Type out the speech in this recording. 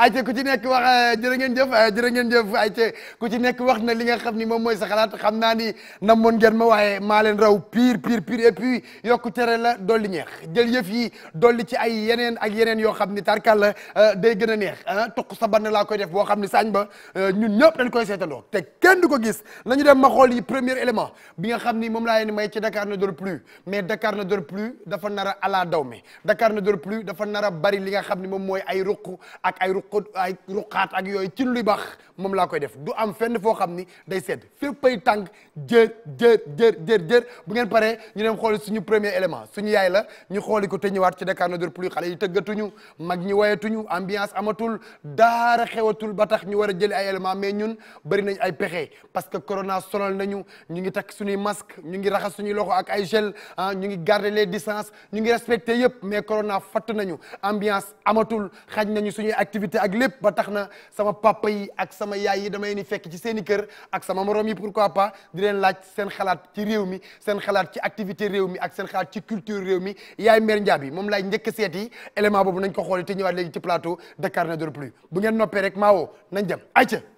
ayca ku ci nekk wax euh, jërë ngeen jëf euh, jërë ngeen jëf ku ci nekk wax na li nga xam ni moom mooy sa xalaat xam naa ni namoon ngeen ma waaye maa leen raw pire pire pire et puis yokku tere la dolli ñeex jël yëf yi dolli ci ay yeneen ak yeneen yoo xam ni tarkal la euh, day gën a neex ah toq sa bann laa koy def boo xam ni sañ ba ñun ñëpp dañ koy seetandoo te kenn du ko gis nañu dem ma xool yi premier élément bi nga xam ni moom laa leen may ci Dakar ne dort plus mais Dakar na dort plus dafa nar a ala daw me Dakar ne dort dafa nar a bari li nga xam ni moom mooy ay ruq ak xut ay ruqaat yooyu ci lu baax moom laa koy def du am fenn foo xam ni day sedd féppay tàng jër jër jër jër jër bu ngeen paree ñu dem xooli suñu premier élément suñu yaay la ñu xooli ko te ñëwaat ci Dakar ne dort plus xale yi tëggatuñu mag ñi woyatuñu ambiance amatul daara xewatul ba tax ñu war a jëli ay élément mais ñun bëri ay pexe parce que corona sonal nañu ñu ngi takk suñuy masque ñu ngi raxas suñuy loxo ak ay gel ah ñu ngi garder lee distances ñu ngi respecter yëpp mais corona fatt nañu ambiance amatul xaj nañu suñuy activité ak lépp ba tax na sama ma yaay yi damay fekk ci seeni kër ak sama morom yi pourquoi pas di leen laaj seen xalaat ci réew mi seen xalaat ci activité réew mi ak seen xalaat ci culture réew mi yaay mère Ndiaby moom laay njëkk seet yi élément boobu nañ ko xool ti ñëwaat léegi ci plateau Dakar ne dort plus bu ngeen noppee rek maa woo nañ dem ayca